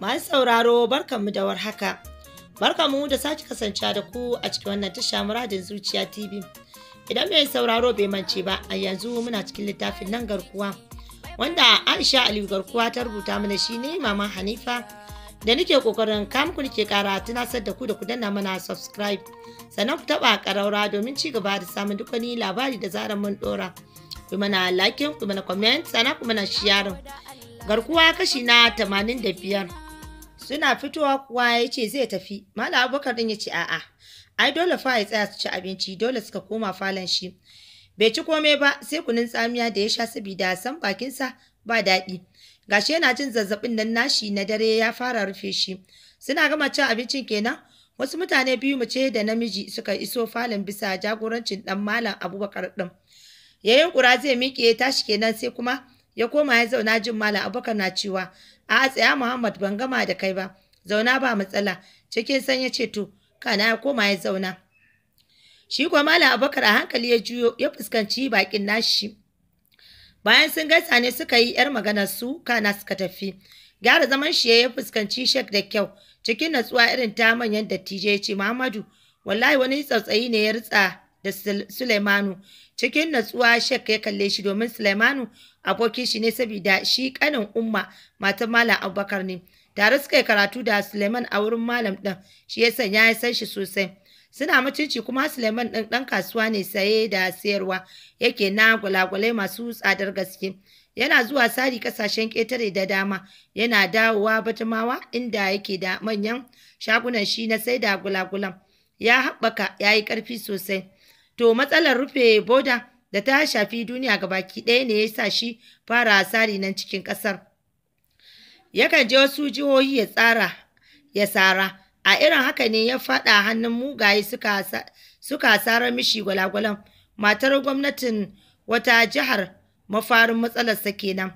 Masu sauraro barkanmu da warhaka. Barkanmu da sake kasance da ku a cikin wannan tasha muradin zuciya TV. Idan mai sauraro bai mance ba, a yanzu muna cikin littafin nan garkuwa. Wanda Aisha Aliyu garkuwa ta rubuta mana shi ne Mama Hanifa. Da nake kokarin kam ku nake kara tunasar da ku da ku danna mana subscribe. Sannan ku taba karaura domin ci gaba da samun duk wani labari da zaran mun dora. Ku mana like, ku mana comment, sannan ku mana sharing. Garkuwa kashi na 85. suna fitowa kuwa ya ce zai tafi malam abubakar din ya ce a'a ai dole fa ya tsaya su ci abinci dole suka koma falon shi bai ci komai ba sai kunun tsamiya da ya sha saboda san bakinsa ba daɗi gashi yana jin zazzabin nan nashi na dare ya fara rufe shi suna gama cin abincin kenan wasu mutane biyu mace da namiji suka iso falon bisa jagorancin dan malam abubakar din yayin kura zai miƙe ya tashi kenan sai kuma ya koma ya zauna jin malam abubakar na cewa A'a tsaya Muhammad ban gama da kai ba. Zauna ba matsala. Cikin san ya ce to kana ya koma ya zauna. Shi kuwa Malam Abubakar a hankali ya juyo ya fuskanci bakin nashi. Bayan sun gaisa ne suka yi 'yar maganar su kana suka tafi. Gyara zaman shi ya fuskanci shek da kyau cikin natsuwa irin ta manyan dattijai ya ce Muhammadu wallahi wani tsautsayi ne ya ritsa da Sulaimanu. Cikin natsuwa Shek ya kalle shi domin Suleimanu abokin shi ne saboda shi kanin umma matan Malam Abubakar ne. Tare suka yi karatu da Sulaiman a wurin Malam ɗin shi ya sanya ya san shi sosai. Suna mutunci kuma Sulaiman ɗin ɗan kasuwa ne saye da sayarwa yake na gulagulai masu tsadar gaske. yana zuwa sari kasashen ƙetare da dama yana dawowa batumawa inda yake da manyan shagunan shi na sai da gulagulan ya haɓaka ya yi ƙarfi sosai to matsalar rufe boda da ta shafi duniya ga baki ɗaya ne ya sa shi fara asari nan cikin ƙasar yakan je wasu jihohi ya tsara ya sara a irin haka ne ya faɗa hannun mugaye suka suka sarar mishi gwalagwalan matar gwamnatin wata jihar mafarin matsalar matsalarsa kenan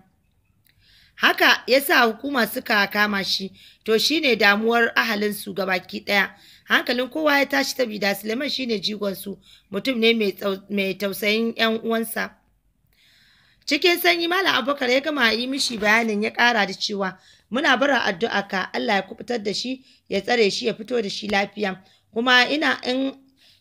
haka ya sa hukuma suka kama shi to shine damuwar ahalinsu gabaki ɗaya hankalin kowa ya tashi ta sabida suleiman shine jigon su, mutum ne mai tausayin yan uwansa cikin sanyi malam abubakar ya gama yi mishi bayanin ya kara da cewa muna bara addu'a ka allah ya kubutar da shi ya tsare shi ya fito da shi lafiya kuma ina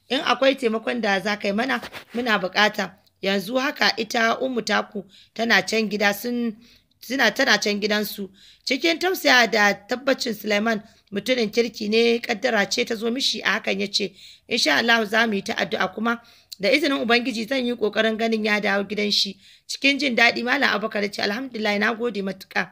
in akwai taimakon da za ka yi mana muna bukata yanzu haka ita umu taku tana can gida sun suna tana can gidansu cikin tausaya da tabbacin suleiman mutumin kirki ne kaddara ce ta zo mishi a hakan ya ce insha Allah za mu yi ta addu'a kuma da izinin ubangiji zan yi kokarin ganin ya dawo gidan shi cikin jin daɗi malam abubakar ce alhamdulillah na gode matuka.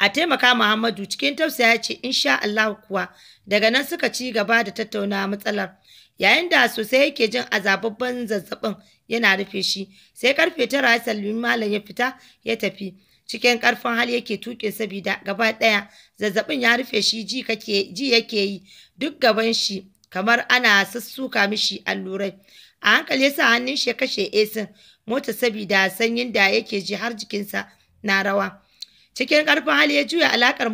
a taimaka muhammadu cikin tausaya ya ce insha Allah kuwa daga nan suka ci gaba da tattauna matsalar yayin da sosai yake jin azababban zazzabin yana rufe shi sai karfe tara ya sallumi malam ya fita ya tafi cikin karfin hali yake tuke sabida gaba ɗaya zazzabin ya rufe shi ji yake yi duk gaban shi kamar ana sassuka mishi allurai a hankali yasa hannun shi ya kashe esin mota sabida sanyin da yake ji har jikinsa na rawa cikin ƙarfin hali ya juya alakar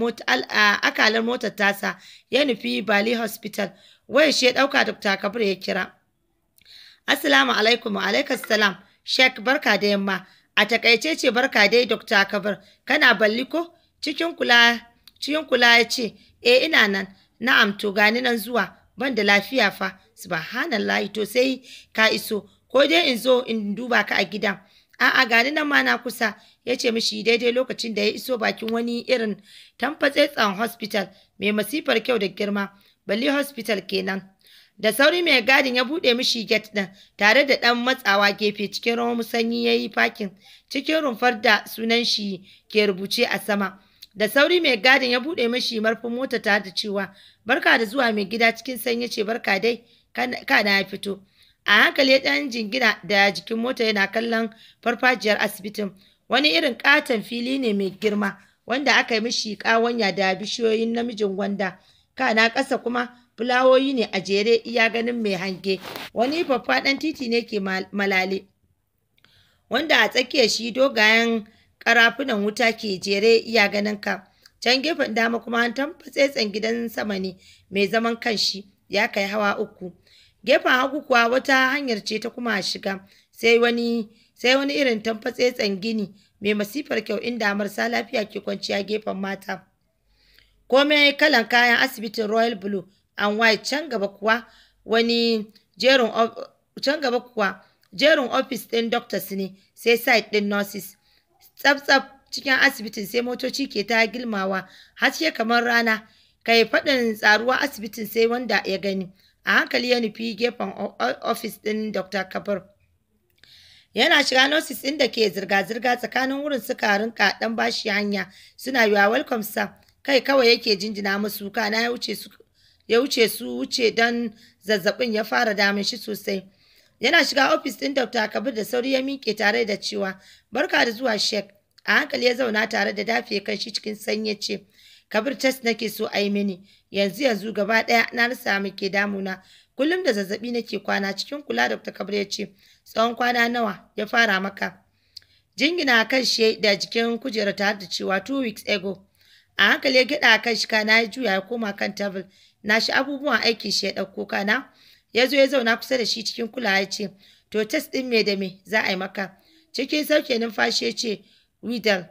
akalar mota tasa ya nufi bali hospital waya shi ya ɗauka dr kabir ya kira assalamu alaikum alaikas salam shek barka da yamma A takaice ce barka dai Dokta Kabir, kana balli ko? Cikin kula cikin kula ya ce, e ina nan, na'am to gani nan zuwa, ban da lafiya fa, subhanallahi to sai ka iso, ko dai in zo in duba ka a gidan. A'a gani nan ma na kusa, ya ce mishi daidai lokacin da ya iso bakin wani irin tamfatsetsan hospital mai masifar kyau da girma, balli hospital kenan. Da sauri mai gadin ya buɗe mishi get ɗin tare da ɗan matsawa gefe cikin rawa musanyi ya yi fakin cikin rumfar da sunan shi ke rubuce a sama. Da sauri mai gadin ya buɗe mishi marfin mota tare da cewa barka da zuwa mai gida cikin sanyi ce barka dai kana ya fito. A hankali ya ɗan jingina da jikin mota yana kallon farfajiyar asibitin wani irin ƙaton fili ne mai girma wanda aka yi mishi ƙawanya da bishiyoyin namijin gwanda kana ƙasa kuma fulawoyi ne a jere iya ganin mai hange wani faffaɗan titi ne ke malale wanda a tsakiyar shi dogayen karafunan wuta ke jere iya ganin ka can gefen dama kuma an gidan sama ne mai zaman kanshi ya kai hawa uku gefen hagu kuwa wata hanyar ce ta kuma shiga sai wani sai wani irin tamfatsetsen gini mai masifar kyau inda marasa lafiya ke kwanciya gefen mata komai kalan kayan asibitin royal blue An White can gaba kuwa wani jerin can gaba kuwa jerin ofis ɗin doctors ne sai site ɗin nurses tsaf cikin asibitin sai motoci ke ta gilmawa haske kamar rana kai faɗin tsaruwa asibitin sai wanda ya gani a hankali ya nufi gefen ofis ɗin dr kabar yana shiga nurses ɗin da ke zirga-zirga tsakanin wurin suka rinka ɗan bashi hanya suna yiwa welcome sir kai kawai yake jinjina musu kana ya wuce ya wuce su wuce don zazzabin ya fara damun shi sosai yana shiga ofis ɗin Dr. Kabir da sauri ya miƙe tare da cewa barka da zuwa shek a hankali ya zauna tare da dafe kan shi cikin sanyi ce Kabir test nake so a yi mini yanzu yanzu gaba ɗaya na rasa muke damuna kullum da zazzabi nake kwana cikin kula Dr. Kabir ya ce tsawon kwana nawa ya fara maka jingina kan shi da jikin kujera tare da cewa two weeks ago a hankali ya gyaɗa kan shi kana ya juya ya koma kan table Na shi abubuwan aiki shi ya ɗauko kana ya zo ya zauna kusa da shi cikin kulawa ya ce to test ɗin me da me za a yi maka cikin sauke numfashi ya ce widal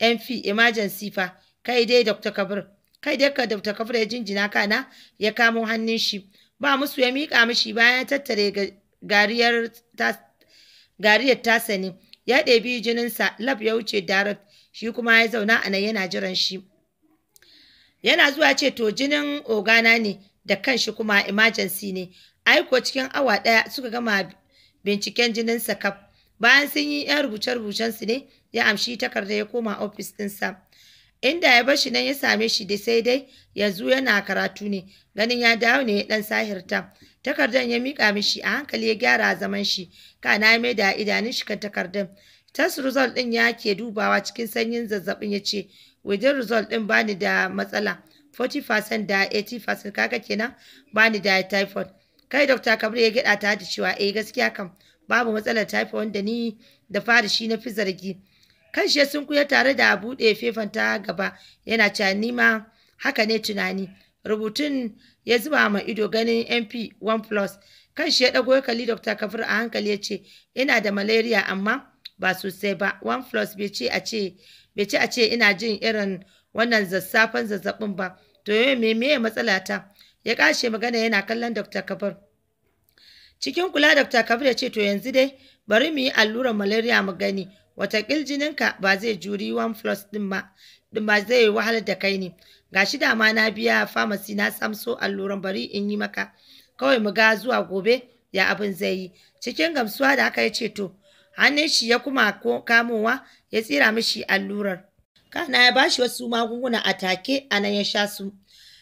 mp emergency fa kai dai dr kabir kai dai ka dr kabir ya jinjina kana ya kamo hannun shi ba musu ya miƙa mishi bayan ya tattare gariyar gariyar tasa ne ya ɗebi jininsa lab ya wuce direct shi kuma ya zauna a nan yana jiran shi yana zuwa ce to jinin ogana ne da kanshi kuma emergency ne aiko cikin awa ɗaya suka gama binciken jinin sa kaf bayan sun yi yan rubuce-rubucen su ne ya amshi takarda ya koma ofis sa inda ya bar shi nan ya same shi da sai dai yanzu yana karatu ne ganin ya dawo ne dan sahirta takardan ya mika mishi a hankali ya gyara zaman shi kana mai da idanun shi kan takardan test result din yake dubawa cikin sanyin zazzabin ya ce wajen result ɗin bani da matsala 40% da 80% kaga kenan bani da typhoid kai dr kabir ya gida ta da cewa eh gaskiya kam babu matsalar typhoid wanda ni da fara shi na fi zargi kan shi sun kuya tare da buɗe fefan ta gaba yana cewa ni ma haka ne tunani rubutun ya zuba ma ido ganin mp 1 plus kan shi ya dago ya kalli dr Kabir a hankali ya ce ina da malaria amma ba sosai ba 1 plus bai ce a ce bai ci a ce ina jin irin wannan zazzafan zazzabin ba to yau me meye matsalata ya kashe magana yana kallon dr kabir cikin kula dr kabir ya ce to yanzu dai bari mu yi allurar malaria mu gani watakil jininka ba zai juri one plus din ba din ba zai wahalar da kai ne gashi da ma na biya famasi na samso alluran bari in yi maka kawai mu ga zuwa gobe ya abin zai yi cikin gamsuwa da aka ce to, hannun shi ya kuma kamowa ya tsira mishi allurar kana ya bashi wasu magunguna a take a nan ya sha su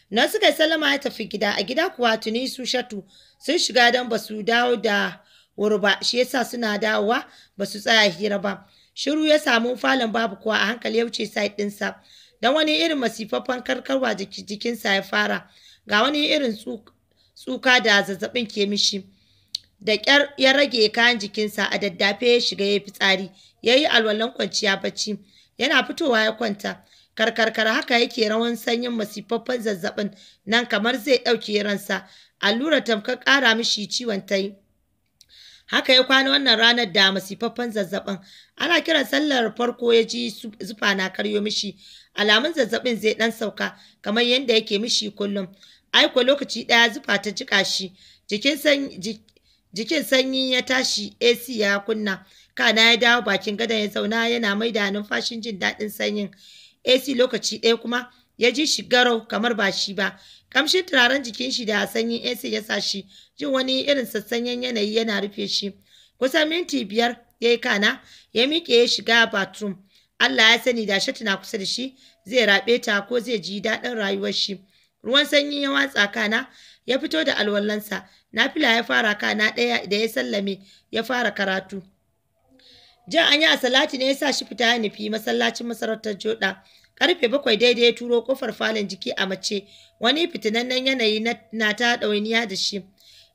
na suka yi sallama ya tafi gida a gida kuwa tuni su shatu sun shiga don ba su dawo da wuri ba shi yasa suna dawowa ba su tsaya hira ba shiru ya samu falon babu kuwa a hankali ya wuce sai ɗinsa don wani irin masifaffen karkarwa jikinsa ya fara ga wani irin tsuka da zazzaɓin ke mishi da ƙyar ya rage kayan jikinsa a daddafe ya shiga ya fitsari ya yi alwalan kwanciya bacci yana fitowa ya kwanta karkarkar haka yake rawan sanyin masifaffen zazzabin nan kamar zai ɗauke ransa allura tamkar ƙara mishi ciwon ta yi haka ya kwana wannan ranar da masifaffen zazzabin ana kiran sallar farko ya ji zufa na karyo mishi alamun zazzabin zai ɗan sauka kamar yadda yake mishi kullum aiko lokaci ɗaya zufa ta jiƙa shi jikin jikin sanyi ya tashi ac ya kunna kana ya dawo bakin gadon ya zauna yana mai da numfashin jin daɗin sanyin ac lokaci ɗaya kuma ya ji shi garau kamar ba shi ba kamshin turaren jikin shi da sanyin ac ya sa shi jin wani irin sassanyen yanayi yana rufe shi kusan minti biyar ya yi kana ya miƙe ya shiga bathroom Allah ya sani da shatina kusa da shi zai raɓe ta ko zai ji daɗin rayuwar shi ruwan sanyi ya watsa kana ya fito da alwallansa nafila ya fara na ɗaya da ya sallame ya fara karatu jan an yi a salati ne ya sa shi fita ya nufi masallacin masarautar joɗa karfe bakwai daidai ya turo kofar falon jiki a mace wani fitinannen yanayi na ta ɗawainiya da shi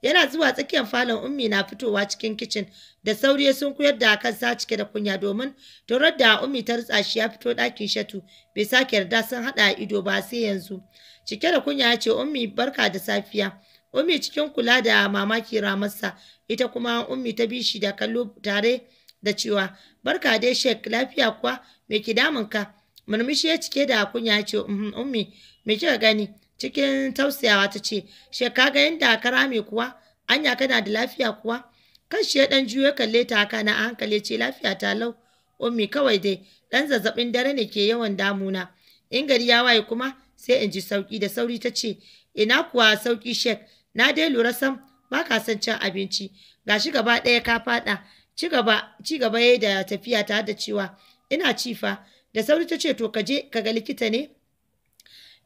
yana zuwa tsakiyar falon ummi na fitowa cikin kicin da sauri ya kuyar da kan sa cike da kunya domin dorar da ummi ta rutsa shi ya fito ɗakin shatu bai sake yarda sun haɗa ido ba sai yanzu cike da kunya ya ce ummi barka da safiya ummi cikin kula da mamaki ramarsa ita kuma ummi ta bi shi da kallo tare da cewa barka dai shek lafiya kuwa me ki damun ka murmushi ya cike da kunya ya ce ummi me kika gani cikin tausayawa ta ce she kaga yadda ka rame kuwa anya kana da lafiya kuwa kan shi ya dan juyo kalle ta haka na hankali ce lafiya ta lau ummi kawai dai dan zazzabin dare ne ke yawan damuna in gari ya waye kuma sai in ji sauki da sauri ta ce ina kuwa sauki shek na dai lura sam ba ka son cin abinci gashi gaba ɗaya ka faɗa ci gaba ci gaba yayi da tafiya ta da cewa ina cifa da sauri ta ce to ka je ka ga likita ne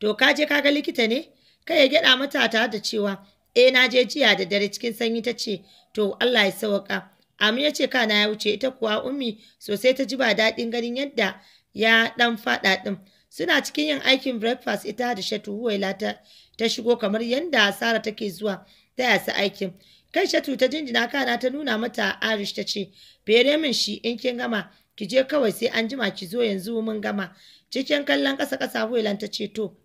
to ka je ka ga likita ne kai ya gyada mata ta da cewa eh na je jiya da dare cikin sanyi ta ce to Allah ya sauka Amin ya ce kana ya wuce ita kuwa ummi sosai ta ji ba daɗin ganin yadda ya ɗan faɗa ɗin suna cikin yin aikin breakfast ita da shatu huwaila ta ta shigo kamar yadda Sara take zuwa ta yasa aikin kai shatu ta jinjina kana ta nuna mata Arish ta ce bere min shi in kin gama ki je kawai sai an jima ki zo yanzu mun gama cikin kallon ƙasa ƙasa huwailan ta ce to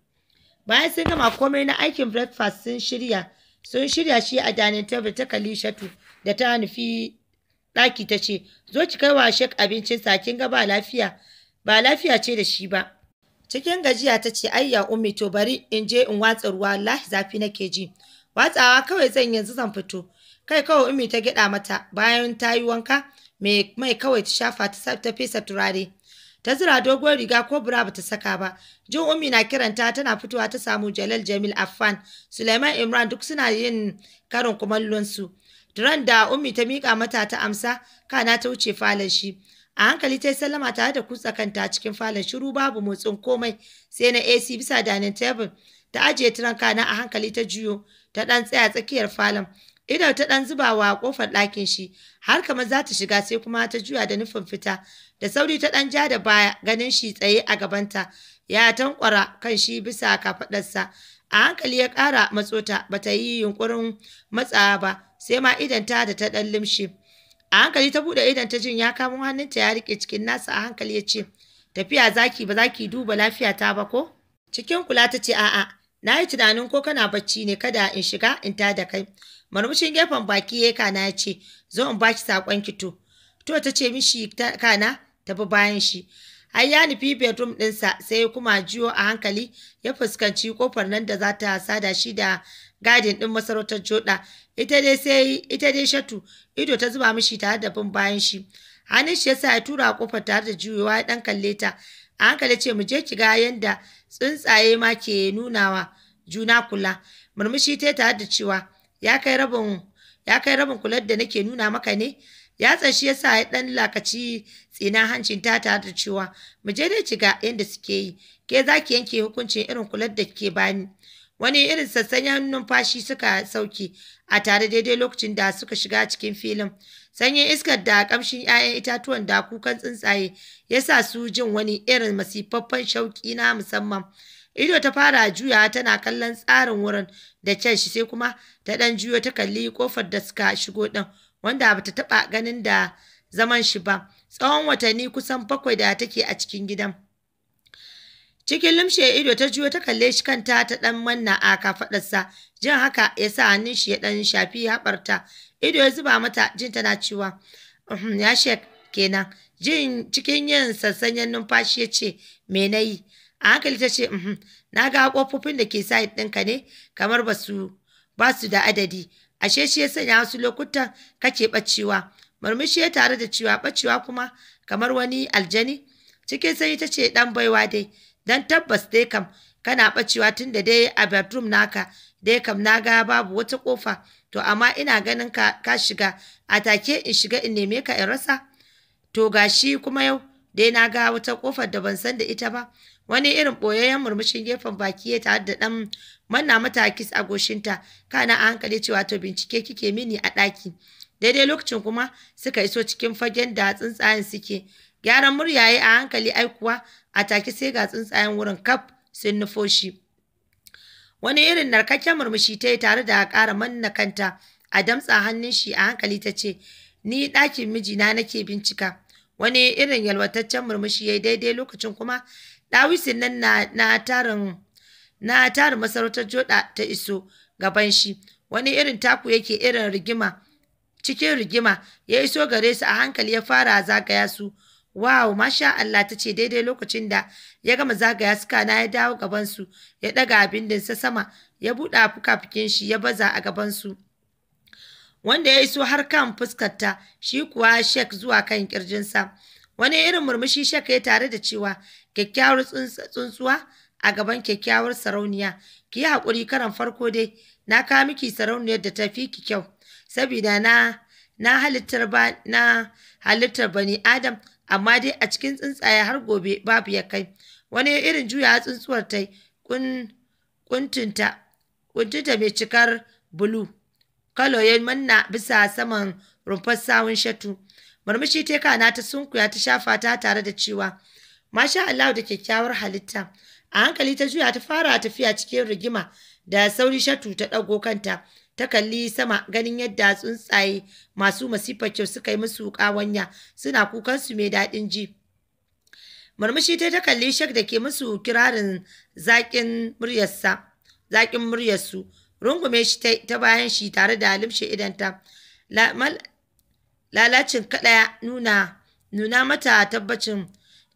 bayan sun gama komai na aikin breakfast sun shirya sun shirya shi a dining table ta kalishatu da ta nufi ɗaki ta ce zo ki kai wa shek abincin sa kin ga ba lafiya ba lafiya ce da shi ba cikin gajiya ta ce ayya ummi to bari in je in watsa ruwa lahi zafi nake ji watsawa kawai zan yanzu zan fito kai kawai ummi ta gyaɗa mata bayan ta yi wanka mai kawai ta shafa ta fesa turare ta zira dogon riga ko bura ta saka ba jin ummi na kiranta tana fitowa ta samu jalal jamil affan suleiman imran duk suna yin karin kumallonsu. su duran da ummi ta miƙa mata ta amsa kana ta wuce falon shi a hankali ta yi sallama tare da kutsa kanta cikin falon shiru babu motsin komai sai na ac bisa dining tebur. ta ajiye turan kana a hankali ta juyo ta ɗan tsaya tsakiyar falon ido ta ɗan zubawa ƙofar ɗakin shi har kamar za ta shiga sai kuma ta juya da nufin fita da sauri ta ɗan ja da baya ganin shi tsaye a gabanta ya tankwara kan shi bisa kafaɗarsa a hankali ya ƙara matsota ba ta yi yunkurin matsawa ba sai ma idanta da ta ɗan limshi a hankali ta buɗe idan ta jin ya kamo hannunta ya riƙe cikin nasa a hankali ya ce tafiya zaki ba zaki duba lafiyata ba ko cikin kula ta ce a'a na yi tunanin ko kana bacci ne kada in shiga in ta da kai Marmushin gefen baki ya kana ya ce, zo in baki sakon kito. To ta ce mishi kana tafi bayan shi. Har ya nufi bedroom ɗinsa sai kuma jiyo a hankali ya fuskanci kofar nan da za ta sada shi da gadin ɗin masarautar joda. Ita dai sai ita dai shatu ido ta zuba mishi tare da bin bayan shi. Hannun shi yasa ya tura kofar tare da juyowa ya ɗan kalle ta. A hankali ce mu je ki ga yanda tsuntsaye ma ke nunawa juna kula. Murmushi ta tare da cewa ya kai rabin ya kai rabin kular da nake nuna maka ne ya tsashi ya sa ya dan lakaci tsina hancin ta ta da cewa mu je dai ciga inda suke yi ke zaki yanke hukuncin irin kular da ke bani wani irin sassan numfashi suka sauke a tare daidai lokacin da suka shiga cikin filin sanyin iskar da kamshin 'ya'yan itatuwan da kukan tsuntsaye ya sa su jin wani irin masifaffen shauki na musamman ido ta fara juya tana kallon tsarin wurin da canshi shi sai kuma ta dan juyo ta kalli kofar da suka shigo din wanda bata taba ganin da zaman shi ba tsawon watanni kusan bakwai da take a cikin gidan cikin limshe ido ta juyo ta kalle shi kanta ta dan manna a kafadarsa jin haka ya sa hannun shi ya dan shafi haɓarta ido ya zuba mata jin tana cewa uhm, ya shek kenan jin cikin yin sassanyen numfashi ya ce me na yi a hankali ta ce uhm, na ga kofofin da ke side ɗinka ne kamar ba su da adadi ashe shi ya sanya wasu lokutan kake ɓacewa murmushi ya tare da cewa ɓacewa kuma kamar wani aljani cikin sanyi ta ce ɗan baiwa dai don tabbas dai kam kana ɓacewa tun da dai a bedroom naka dai kam na ga babu wata ƙofa to amma ina ganin ka, shiga a take in shiga in neme ka in rasa to gashi kuma yau dai na ga wata ƙofar da ban san da ita ba wani irin ɓoyayyen murmushin gefen baki ya tare da ɗan manna mata kis a goshinta kana a hankali cewa to bincike kike mini a ɗaki daidai lokacin kuma suka iso cikin fagen da tsuntsayen suke gyaran murya a hankali aikuwa a taki sai ga tsuntsayen wurin kaf sun nufo shi wani irin narkakken murmushi ta yi tare da ƙara manna kanta a damtsa hannun shi a hankali ta ce ni ɗakin mijina nake bincika wani irin yalwataccen murmushi ya yi daidai lokacin kuma ɗawisin nan na, na tarin na tarin masarautar joda ta iso gaban shi wani irin taku yake irin rigima cikin rigima ya iso gare su a hankali ya fara zagaya su wow masha Allah ta ce daidai lokacin da ya gama zagaya suka na ya dawo gaban su ya ɗaga abin dinsa sama ya buɗa fuka-fukin shi ya baza a gaban su wanda ya iso har kan fuskarta shi kuwa shek zuwa kan kirjinsa wani irin murmushi shaka ya tare da cewa kyakkyawar tsuntsuwa a gaban kyakkyawar sarauniya ki yi haƙuri karan farko dai na kawo miki sarauniyar da ta fi ki kyau saboda na halittar ba na halittar bani adam amma dai a cikin tsuntsaye har gobe babu ya kai wani irin juya tsuntsuwar ta kun kuntunta kuntunta mai cikar bulu kalo ya manna bisa saman rumfar sawun shatu murmushi ta kana ta sunkuya ta shafa ta tare da cewa masha Allah da kyakkyawar halitta a hankali ta juya ta fara tafiya cikin rigima da sauri shatu ta ɗago kanta ta kalli sama ganin yadda tsuntsaye masu masifar kyau suka yi musu kawanya, suna kukan su mai daɗin ji murmushi ta ta kalli shak da ke musu kirarin zaƙin muryarsa zakin muryarsu rungume shi ta bayan shi tare da limshe idanta lalacin kaɗa nuna nuna mata tabbacin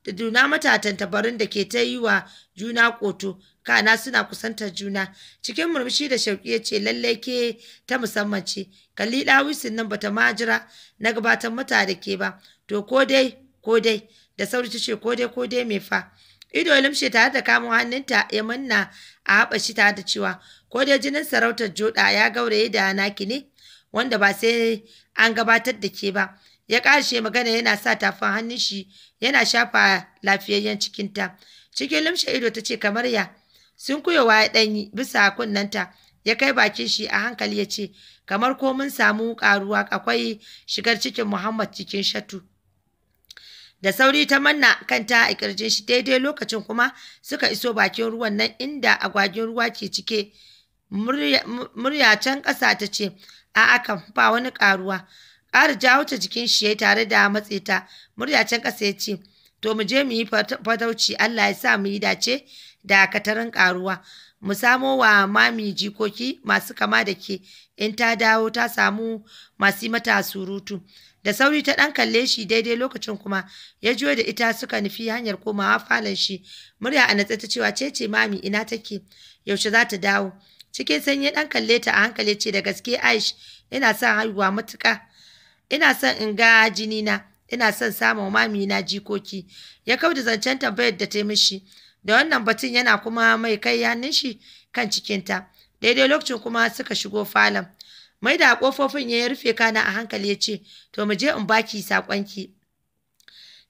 da nuna mata tantabarin da ke ta yi wa juna ƙoto kana suna kusantar juna cikin murmushi da shauƙi ya ce lallai ke ta musamman ce kalli ɗawisin nan bata majira na gabatar mata da ke ba to ko dai ko dai da sauri ta ce ko dai ko dai me fa ido limshe tare da kamun hannunta ya manna a haɓa shi tare da cewa ko dai jinin sarautar joɗa ya gauraye da naki ne wanda ba sai an gabatar da ke ba ya ƙarshe magana yana sa tafin hannun shi yana shafa lafiyayyen cikinta cikin lumshe ido ta ce kamar ya sun kuyowa ya ɗanyi bisa kunnanta ya kai bakin shi a hankali ya ce kamar ko mun samu ƙaruwa akwai shigar cikin muhammad cikin shatu da sauri ta manna kanta a kirjin shi daidai lokacin kuma suka iso bakin ruwan nan inda agwagin ruwa ke cike murya can ƙasa ta ce A'a akan ba wani ƙaruwa. Ƙara jawo ta jikin shi ya yi tare da matse ta murya can ƙasa ya ce to mu je mu yi fatauci Allah ya sa mu yi dace da katarin ƙaruwa. mu samo wa mami jikoki masu kama da ke in ta dawo ta samu masu mata surutu da sauri ta ɗan kalle shi daidai lokacin kuma ya juyo da ita suka nufi hanyar komawa falon shi murya a natsa ta cewa ce ce mami ina take yaushe za ta dawo cikin sanyi ɗan kalle ta a hankali ce da gaske aish ina son haihuwa matuka. ina son in ga jini na ina son samun mami na jikoki ya kauda zancen tambayar da ta mishi da wannan batun yana kuma mai kai hannun shi kan cikinta daidai lokacin kuma suka shigo falon mai da kofofin ya rufe kana a hankali ya ce to mu je in baki sakonki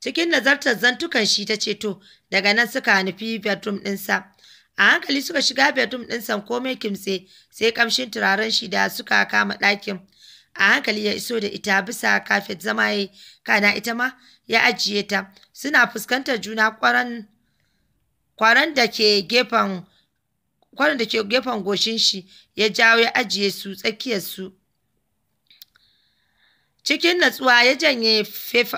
cikin nazartar zantukan shi ta ce to daga nan suka nufi bedroom ɗinsa a hankali suka shiga bedroom ɗin san komai kimtse sai kamshin turaren shi da suka kama ɗakin a hankali ya iso da ita bisa kafet zama ya kana ita ma ya ajiye ta suna fuskantar juna kwaran da ke gefen kwaran da ke gefen goshin shi ya jawo ya ajiye su tsakiyar su cikin natsuwa ya janye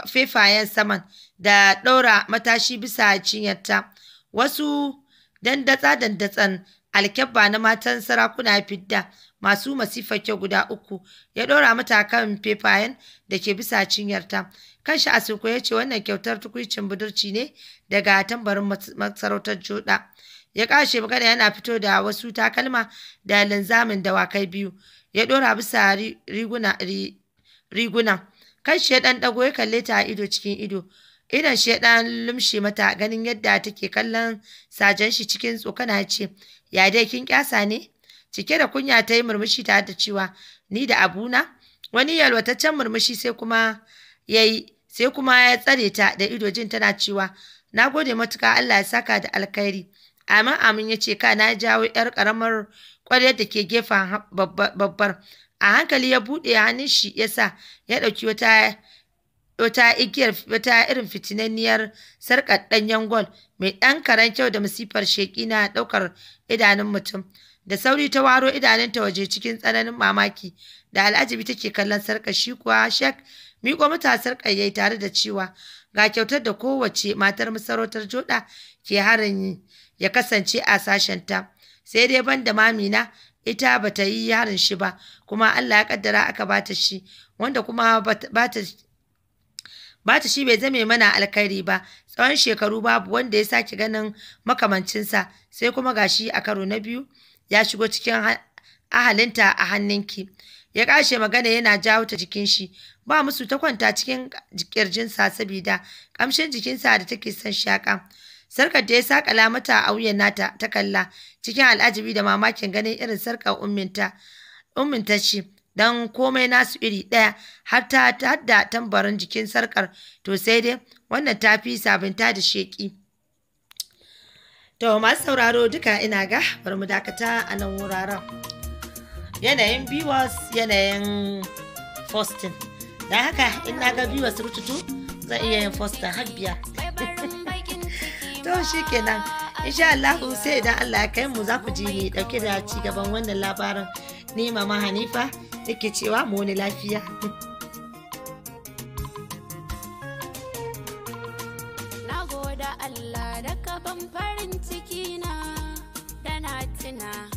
fefayen saman da ɗaura matashi bisa cinyarta wasu Dan datsa dandatsa-dandatsan alkyabba na matan sarakuna fidda masu masifa kyau guda uku ya ɗora mata kan fefayen da ke bisa cinyarta kanshi a suko ya ce wannan kyautar tukwicin budurci ne daga tambarin masarautar joda ya kashe magana yana fito da wasu takalma da linzamin dawakai biyu ya ɗora bisa riguna riguna kanshi ya ɗan ɗago ya kalle ta ido cikin ido Idon shi ya lumshe mata ganin yadda take kallon sajan shi cikin tsokana ce, ya dai kin kyasa ne? Cike da kunya ta yi murmushi tare da cewa ni da abuna? Wani yalwataccen murmushi sai kuma ya sai kuma ya tsare ta da ido jin tana cewa na gode matuka Allah ya saka da alkhairi. amma amin ya ce ka na jawo 'yar karamar ƙwaryar da ke gefen babbar. A hankali ya buɗe hannun shi yasa ya ɗauki wata wata igiyar wata irin fitinanniyar sarkar ɗanyen gol mai ɗan karen kyau da masifar sheƙi na ɗaukar idanun mutum da sauri ta waro idanunta waje cikin tsananin mamaki da al'ajibi take kallon sarka shi kuwa shek miko mata sarkar yayi tare da cewa ga kyautar da kowace matar masarautar joda ke harin ya kasance a sashen ta, sai dai ban da mamina ita bata yi harin shi ba kuma Allah ya kaddara aka bata shi wanda kuma bata ta shi bai zame mana alkhairi ba, tsawon shekaru babu wanda ya sake ganin makamancinsa sai kuma gashi a karo na biyu ya shigo cikin ahalinta a hannunki. Ya kashe magana yana jawo ta jikin shi, ba musu ta kwanta cikin kirjinsa sabida kamshin jikinsa da take son shaka. Sarkar da ya sakala mata a wuyan nata ta kalla cikin al'ajibi da mamakin ganin irin sarkar umminta. Umminta ce, dan komai nasu iri ɗaya har ta hadda tambarin jikin sarkar to sai dai wannan ta fi sabinta da sheƙi to masu sauraro duka ina ga bari mu dakata a nan wuraren yanayin biwas yanayin fostin don haka in na ga biwas rututu zan iya yin fostin har biya to shi kenan insha Allah sai idan Allah ya kai mu za ku ji ne dauke da ci gaban wannan labarin ni mama Hanifa take cewa mu wani lafiya na goda Allah da kafan farin ciki na da tuna